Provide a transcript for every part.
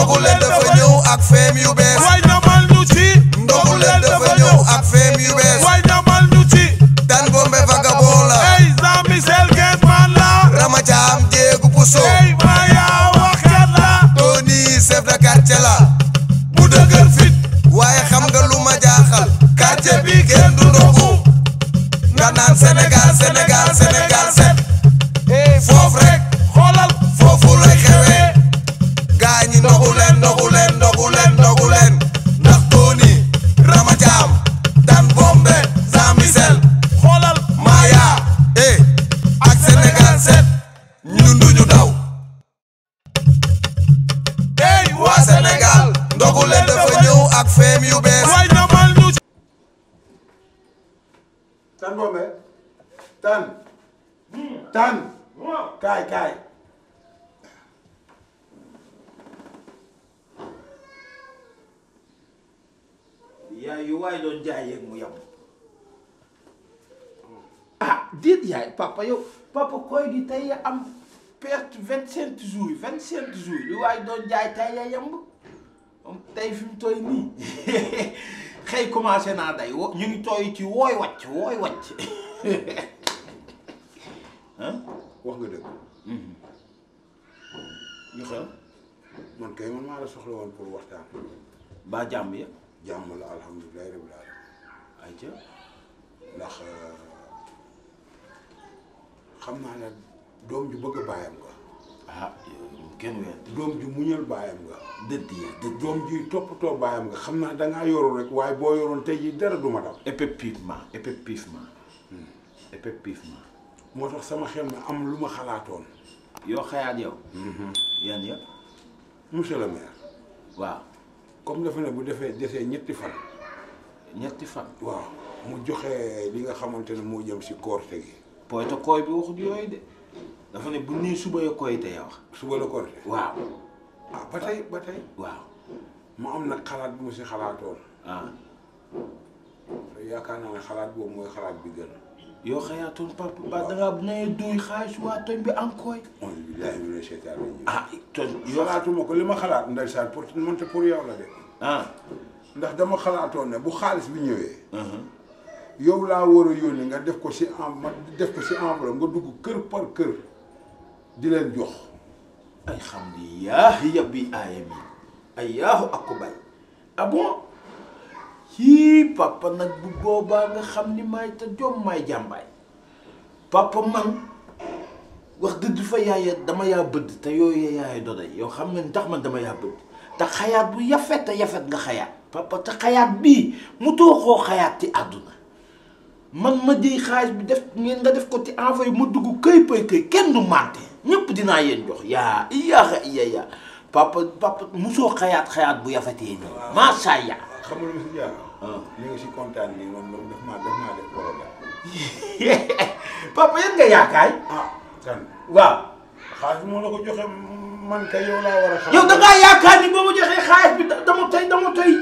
ndogule dafa ñëw ak ñëw ak feem yu bees waay ñamal ñu ci Tann Bombé vagabond la ey Jean Michel Guesman la Rama Thiam jéegu puso ey maya waxkat la Tony chef de quartier bu dëgër fit waaye xam nga lu jaaxal quartier bi du ndogu nga naan Sénégal Sénégal Sénégal tànn tànn kaay kaay yaay yu waay doon jaay yeeg mu yam ah déet yaay papa yow papa koy gi tey am perte vingt cinq jours vingt cinq jours lu waay doon jaay tey ya yamb moom tey fi mu tooy nii xëy commencé naa day yu tooy ci wooy wàcc wooy wàcc ah wax nga dëgg. ñu mhm. man kay man maa la soxla woon pour waxtaan. ba jàmm ya jàmm la alhamdulilah rabbil alamin ay ca ndax euh, xam naa ne doom ju bëgg a bàyyam nga. ah kenn doom ju muñal bàyyam nga. dëdd ya dëdd doom ji toppatoo bàyyam nga xam naa da ngaa yorul rek waaye boo yoroon te jii dara du ma dal. effectivement effectivement effectivement. Hmm. moo tax sama xel mi am lu ma xalaatoon. yoo xayaat yow. Mhm. yan yëpp. monsieur le maire. waaw. comme dafa ne bu defee desee ñetti fan. ñetti fan. waaw mu joxe li nga xamante ne moo jëm si koorte gi. poyte kooy bi waxut yooyu de. dafa ne bu nii suba la koy tey wax. suba la koorte. waaw. ah ba tey ba tey. waaw. mu am nag xalaat bu mu si xalaatoon. ah. yaakaar naa ne xalaat boobu mooy xalaat bi gën. yow xayaatoon papa ba dangaa nee duy xaalis waa tooñ bi encore. on dirait ñu ne seetaan nañu. ah tooñ yow xalaatuma ko li ma xalaat ndeysaan pour mënta pour yow ah. ndax dama xalaatoo ne bu xaalis bi ñëwee. Uh-huh. yow laa war a yónni nga def ko si en ma def ko si enveloppe nga dugg kër par kër di leen jox. alhamdulilah yabbi aayami ayaahu akbar ah bon. hii papa nag bu boobaa nga xam ni maay te jom maay jàmbaay papa man wax dëgg fa yaaya dama yaa bëdd te yooyu yaaya doda yow xam nga ni tax man dama yaa bëdd te xayaat bu yafet te yafet nga xayaat papa te xayaat bii mu xoo xayaat ci àdduna man ma di xaalis bi def ngeen nga def ko ci envoyé ma dugg këy pëy këy kenn du mante ñëpp dinaa yéen jox yaa iyaa iya yaa papa papa musoo xayaat xayaat bu yafetee nii macha allah xam nga lu kontaan nii moom moom daf maa papa yan nga yaakaar. ah kan waaw. ko joxe man kay yow laa war a xam. yow da ngaa yaakaar ni boo ma joxee xaalis bi dama tey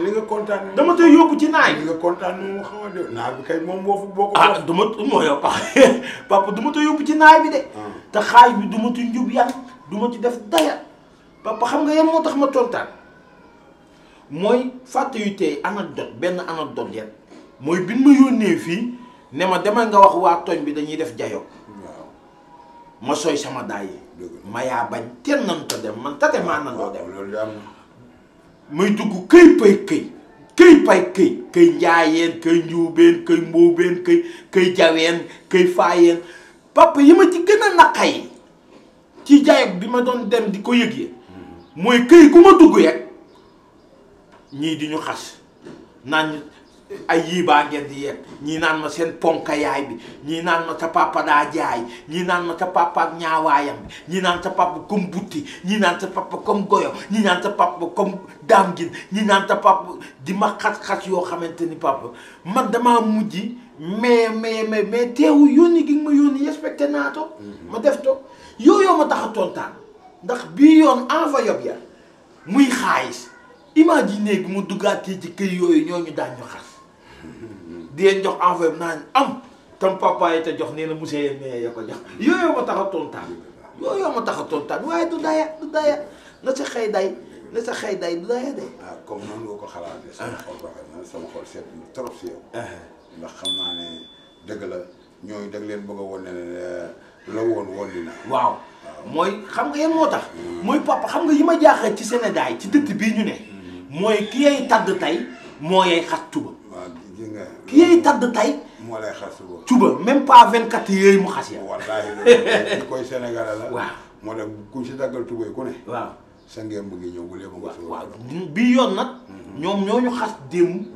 li nga kontaan dama tey yóbbu ci naaj. li nga kontaan moom a kay moom boo boo ko. ah ma moo yow papa du ma tey yóbbu ci naaj bi de. Ah. te xaalis bi du ma ci njub yan du ma ci def daya papa xam nga yen moo tax ma tontaan. mooy fàtte yu tey benn anecdote yan mooy bi ma yónnee fii ne ma demal nga wax waa tooñ bi dañuy def jayo ma sooy sama daay ma yaa bañ teel nan ta dem man tate maa nan doo dem muy dugg këy pay këy këy pay këy këy njaayeen këy njuubeen këy mbuubeen këy këy jaween këy faayeen papa yi ma ci gën a naqay ci jaayog bi ma doon dem di ko yëg yi hmm. mooy këy ku ma dugg yeg ñii di ñu xas naan ay yii baa ngeen di yegg ñii naan ma seen ponka yaay bi ñii naan ma ta papa daa jaay ñii naan ma ta papa ak ñaawaayam bi ñii naan ta papa comme butti ñii naan ta papa comme goyo ñii naan ta papa comme daam gin ñii naan ta papa di ma xas-xas yoo xamante ni papa man damaa mujj mais mais mais mais teewu yónni gi nga ma yónni respecté naa to ma def to yooyu ma tax a tontaan ndax bii yoon enveloppe ya muy xaalis imaginez bi mu duggaatee ci kër yooyu ñooñu daan ñu xas di leen jox enveloppe naa ñu am tam papa yi te jox nee na monsieur mais ya ko jox yooyu ma tax a tontaan yooyu ma tax a tontaan waaye du daya du daya na sa xëy day na sa xëy day du daya de. ah comme noonu nga ko xalaatee. sama sama xol seet ah. ndax xam naa ne dëgg la ñooñu da leen bëgg a wan ne eh, la woon woon dina. waaw mooy xam nga yan moo tax. Hmm. mooy papa xam nga yi ma jaaxal ci Sénégal ci dëkk bii ñu ne. mooy ki yay tàdd tey moo yay xat tuba. ki yay tàdd tey. moo lay xas suba. tuba même pas 24 yooyu mu xas ya. wallaahi li koy Sénégal la. waaw moo tax ku si daggal mu ngi ñëw bu léegi mu ngi. waaw yoon nag. ñoom ñoo ñu xas démb.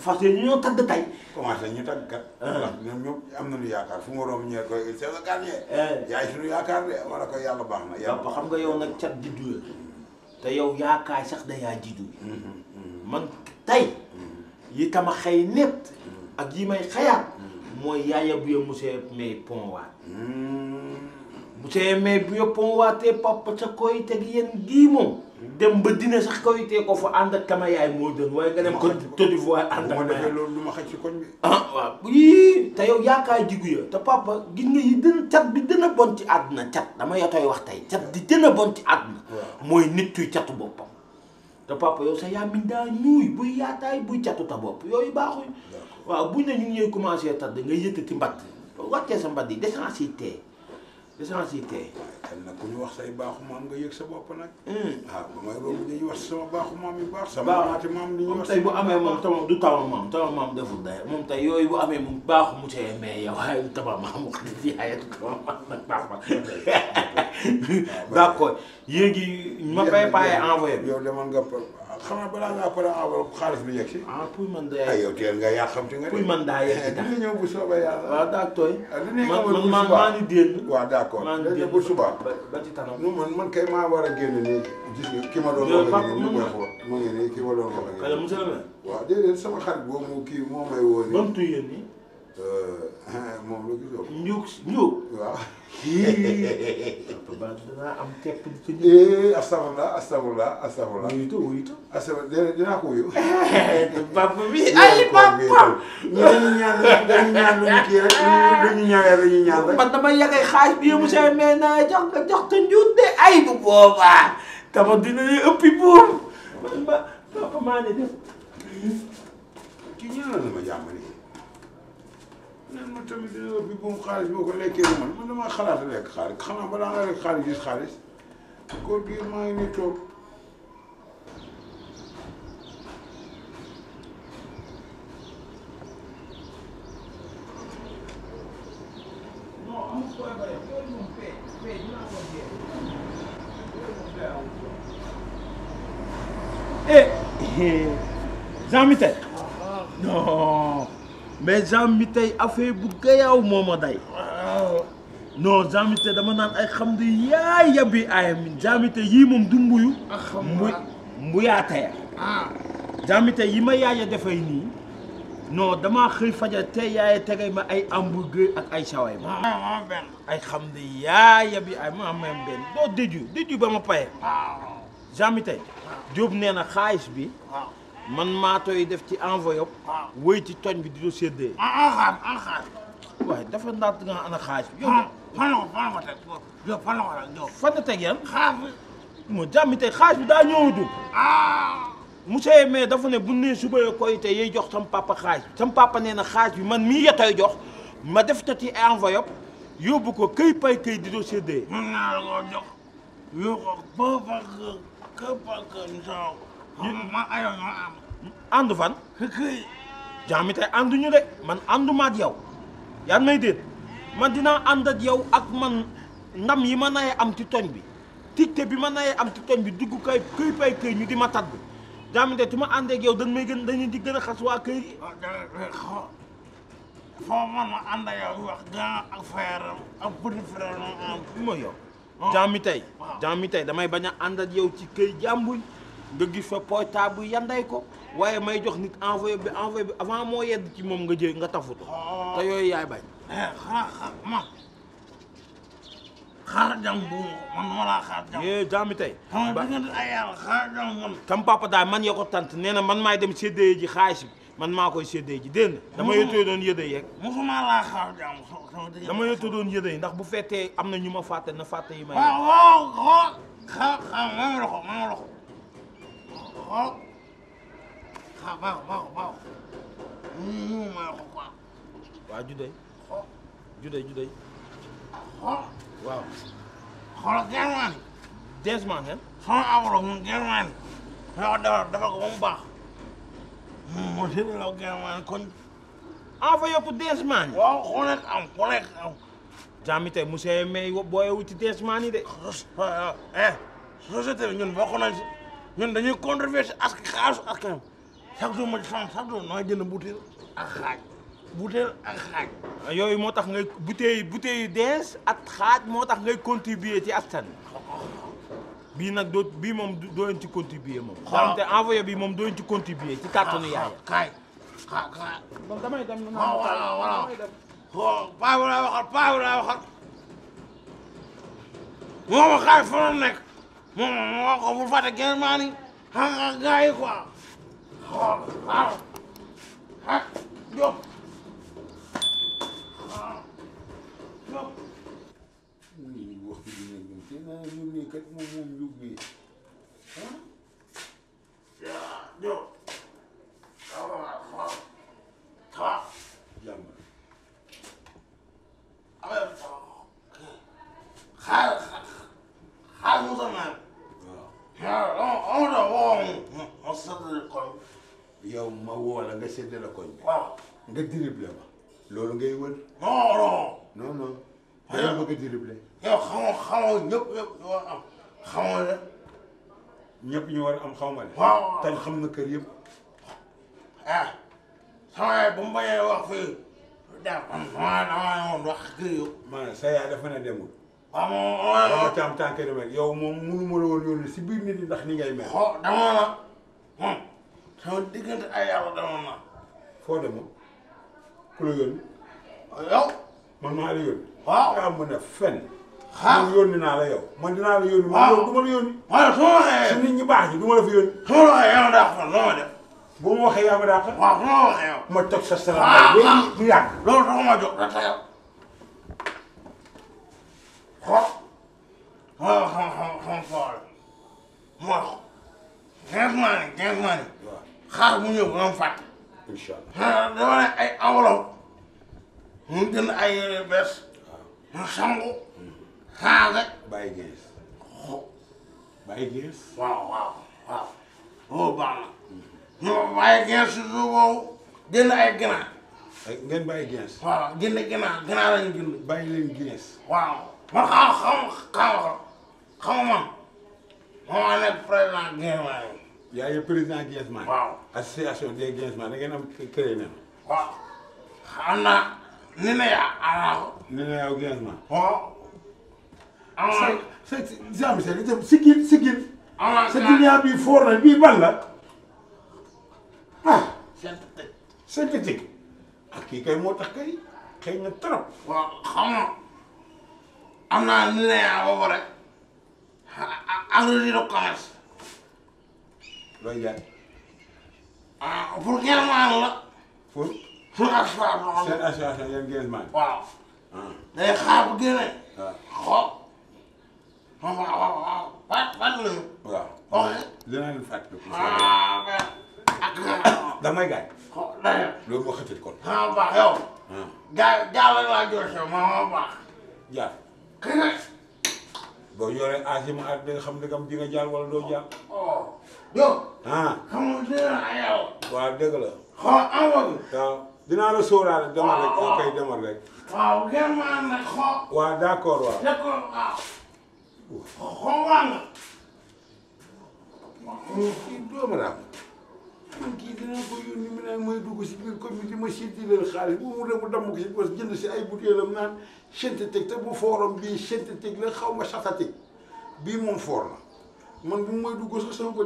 fas mm-hmm. yéene ñoo tagg tey. commencé ñu tagg kat. ndax ah. ñoom am nañu yaakaar fu mu romb ñëwee koy c'est le quartier. Eh. yaay suñu yaakaar de wala ko yàlla baax na. yàlla xam nga yow nag cat di te yow yaakaay sax dayaa jiitu man tey yi tama xëy népp ak yi may xëyaat mooy yaaya bu yo monsieur mais pon waat hmm. monsieur mais bu yo pon waatee papa sa koy teg yéen gii moom dem ba dina sax kaw ko fa ànd ak kama yaay moo doon waaye nga dem ko Côte d'Ivoire ànd ak ma defee loolu du ma xaj ci koñ bi ah waaw yii te yow yaakaar jigu ya te papa gis nga yi bi dën a bon ci àdduna cat dama yotoy wax tey cat di dën a bon ci àdduna mooy nit kuy catu boppam te papa yow sa yaamin daa ñuuy buy yaataay buy catu ta bopp yooyu baaxuy waaw buñ ne ñu ngi ñuy commencé tat da nga mbat mbatt wàccee sa mbatt yi décence essence yi tey. waaye nag ku ñu wax say baaxu maam nga yëg sa bopp nag. Hmm. ah ba may romb dañuy wax sama baaxu maam yu baax. sama maati maam li ñuy wax tey bu amee moom tama du tama maam tama maam deful day moom tey yooyu bu amee moom baaxu mu tee mais yow waaye du tama maam wax dëgg yàlla du tama maam nag baax ma. d'accord léegi ma préparé envoyé. yow demoon nga xanaa balaa ngaa pare enveloppe xaalis bi yegg si. ah pour man ah, nga yaa xam te nga. pour man daa yegg si eh, tax dina ñëw bu soobee yàlla. waaw daa ah, tooy. dina ñëw bu subaa man maa ngi génn. waaw d' accord dina bu subaa. ba ci tanam nu man man kay maa war a génn nii. gis nga ki ma doon wax ak yéen mu ngi ki ma doon wax ak sama xarit boobu kii moo may woo moom la gisoo. njuug njuug. waaw. papa dinaa am tepp di tëj. Eh, astafurlah astafurlah astafurlah. wuyu too wuyu too. astafurlah dinaa ko wuyu. papa bi ay papa. ñooñu ñaan dañu ñaan dañu kii rek dañu ñaan dañu ñaan rek. man dama yàggay xaaj bi yow monsieur mais naa jox nga jox ko njuut de ay bu boobaa. dama dina ne ëppi buur. man ba papa maa ne def. kii ñaanal na ma jàmm nii. nen ma tamit dina bi buum xaalis boo ko lekkee bu man man damaa xalaat lekk xaalis xanaa balaa nga lekk xaalis gis xaalis góor gi maa non mais Jean mi tey affaire bu gayaaw moo ma day non Jean mi dama naan ay xam di yaay yabbi ayam Jean mi tey yii moom du mbuyu mbu mbuyaa taya Jean yi ma yaaya defay nii non dama xëy fajar tey yaaya tegay ma ay hamburger ak ay saway ma ah, ah, ah, ay xam di yaay yabbi ay ma am benn doo déju déju ba ma paye Jean mi tey Diop nee na xaalis bi man maatooy def ci enveloppe yëpp. ci toñ bi di ko séddee. ah en ah, ah, xaar waaye dafa ah, fan la ko fan la teg yow moo jàmm tey xaaj bi daa ñëwutul. monsieur mais dafa ne bu ne suba koy te yey jox sam papa xaaj nee na xaaj bi man mi yetoy jox ma def ta ci enveloppe yóbbu ko këy pay këy di ko séddee. ma ayoo ñoo am. fan. këy. jaami tey de man ànduma ak yow yaa may déet man dinaa ànd ak yow ak man ndam yi ma nayee am ci toñ bi tigte bi ma nayee am ci toñ bi dugg kay këy pay këy ñu di ma tàdd jaami tey ma àndee ak yow dañ may gën dañu di gën a xas waa këy gi. foo man damay bañ a ànd yow ci këy jàmbuñ. nga gis fa portable yanday ko waaye may jox nit envoyé bi envoyé bi avant moo yedd ci moom nga jël nga tafutu ah. te yooyu yaay bañ. xanaa eh, xanaa xaar jàmm bu man ma laa xaar jàmm. eh jàmm tey. xam nga diggante ay yàlla xaar jàmm man. tam papa daal man ya ko tant nee na man maay dem séddee ji xaalis bi man maa koy séddee ji dégg nga. dama yëttoo doon yëdee yeeg. mosuma laa xaar jàmm sama diggante. dama yëttoo doon yëdee ndax bu fekkee am na ñu ma fàtte na fàtte yi may. Ah, waaw waaw xaar xaar maa ngi ko maa ngi ko. xool xa baax baax baax mu ma ko quoi. waaw Juday. Juday Juday. xool. waaw. xoolal germain. desman hein. sama awro mu germain. yow dafa dafa ba mu baax. mu sëñ la germain kon. envoyé ko desman. waaw ku nekk am ku nekk am. jaami tey monsieur May booyewu ci yi de. Eh, eh, société bi ñun bokk nañ ñun dañuy controversé as xaasu askan chaque jour ma ci France chaque jour nooy jënd butéel ak xaaj butéel ak xaaj yooyu moo tax ngay butéey butéey dees ak xaaj moo tax ngay contribuer ci askan bii nag doo bii moom dooleen ci contribuer moom xamante envoyé bi moom dooleen ci contribuer ci kàttanu ah, yaay kaay xaa xaa moom damay dem waaw waaw waaw paa bi laa waxal paa bi laa waxal moom xaaj fa nekk moom moo ko bul fàtte kenn maa ni xam nga gars yi quoi xool waaw ah Diop waaw Diop. ñu ngi wax ñu ne ñu kat moom moom yóbbee ah. nga dribble ma loolu ngay wër. non non. non non. xanaa ah. bëgg a dribble. yow xamoo xamoo ñëpp ñëpp war am xamoo la. ñëpp ñu war am xaw ma la. waaw tan xam na kër yëpp. ah sama yaay bu mu bañee wax fii daa am sama damaa woon wax kër yow. maanaam sa ah, ma hmm. foo demoon. ku la yónni. yow. man maa la yónni. waaw daa mën a fen. ah man yónni naa la yow. man dinaa la yónni. waaw man du ma la yónni. waaw su ma waxee. su nit ñi baax ñi du ma la fi yónni. su ma waxee yow daa ko loo ma def. bu ma waxee yaa ma daa ko. waaw su ma waxee yow. ma toj sa salaam. waaw waaw léegi du yàgg. loolu dafa ma jox rek sa yow. xool. waaw xam xam xam foo xam. moo xam. quinze mois nii quinze mois nii. waaw xaar mu ñëw ba mu fàtte. incha allah. Ah, dama ne ay enveloppe ñu ay yére bees. ñu sangu. xaaral. bàyyi gees. bàyyi waaw waaw waaw. loolu oh, baax na. ñu bàyyi gees su ay ginaar. ngeen bàyyi gees. waaw jënd ginaar ginaar lañu jënd. bàyyi leen gees. waaw man xam xam xam xam man yaay président Guinsman. waaw association des Guinsman da ngeen am créé na. waaw xam naa ni ne yaa alaaw. ni ne yaa Guinsman. waaw. amoon sa sa sa monsieur Diop sigil sigil. amoon sa ginnaaw bii foor na bii ban la ah. synthétique synthétique. ak ah, kii kay moo tax kay xëy na trop. waaw xam nga am naa ni ne yaa boobu rek agri de commerce. looy jaay. ah pour germain la. pour. pour assurance. seen assurance yéen germain. waaw. Ah. day xaar bu génne. waaw xaw ma waaw waaw fàtt fàtt la. waaw dina leen fàtt. ah mais ak nga. damay gaay. xaw ma dëgg. loolu moo xëcc kon. ah baax yow. Ah. jaay jaay laa joxe ma ma baax. jaar. kii boo yoree asima ak nga xam ne kam di nga jaar wala doo jaar. Oh. yow. ah waaw la. xool awoon. waaw dinaa la sóoraale demal rek. waaw kay rek. waaw gën ma ànd waaw d' waaw. d' waaw. xool waa nga. kii doomu naa ko. kii dinaa ko yónni mu ne mooy dugg si biir commune bi ma séddi xaalis bu mu dem mu damm ko si bos jënd si ay butéelam naan synthétique te bu forom bii synthétique la xaw ma saxatique bii moom foor na. man bu may dugg sax sama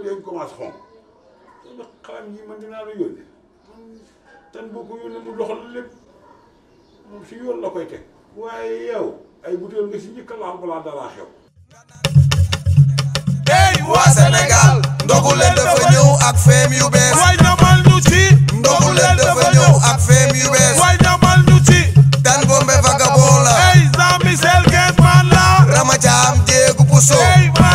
la dafa ñëw ak feem yu bees. waay ñamal ñu ci. ndogu leen dafa ñëw ak feem yu bees. waay ñamal ñu ci. Tan Bombe vagabond la. hey Jean Michel Guèye man la. Rama Thiam Diégu Pousso.